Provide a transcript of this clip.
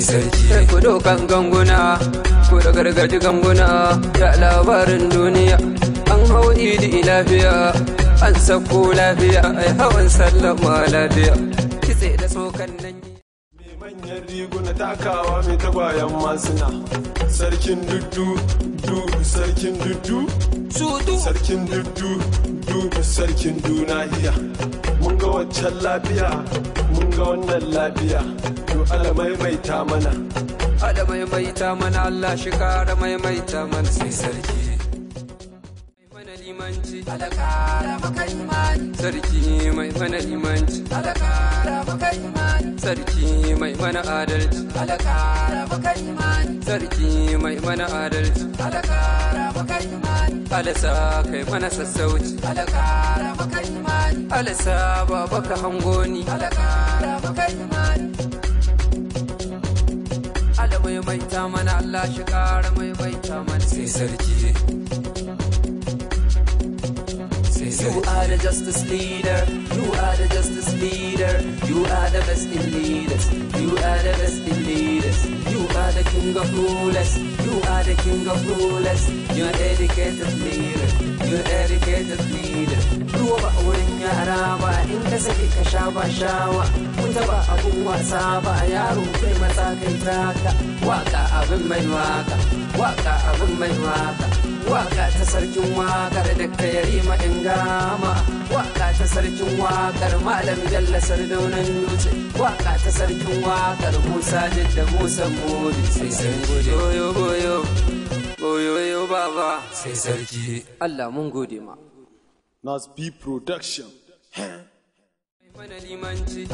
sarki sarki ku dokan ganguna ku da gargaji ganguna da labarin duniya an hau idi lafiya an sako lafiya ai hawan sallama lafiya kitse da tsokan nan manyan riguna takawa mai tagwayen masuna sarkin dudu du sarkin dudu sarkin dudu du sarkin dunahiya mun ga waccan lafiya mun ga wannan lafiya to ala maimaita mana ala maimaita mana Allah shi kara maimaita mana sai sarki sarki mai mana limanci alakara maka imani sarki mai mana adalci alaka rabu kai imani sarki mai mana adalci alaka rabu kai imani alasa kai mana sassauci alaka rabu kai imani alasa baba ka hangoni ni alaka rabu kai imani ala mai mai ta mana Allah shi kara mai mai ta mana sai sarki You are the justice leader. You are the justice leader. You are the best in leader. king of rulers. You are the king of rulers. You're educated leader. You're educated leader. You are kada saki ka shawa shawa kun taba abun wasa ba yaro kai matsa kai taka waka abin mai waka waka abin mai waka waka ta sarkin wakar da ka yari ma in gama waka ta sarkin wakar malam jalla sardaunan dutse waka ta sarkin wakar musa jidda musa mori sai sai goyo goyo goyo yo baba sai sarki allah mun gode ma Nas B Production. a limanci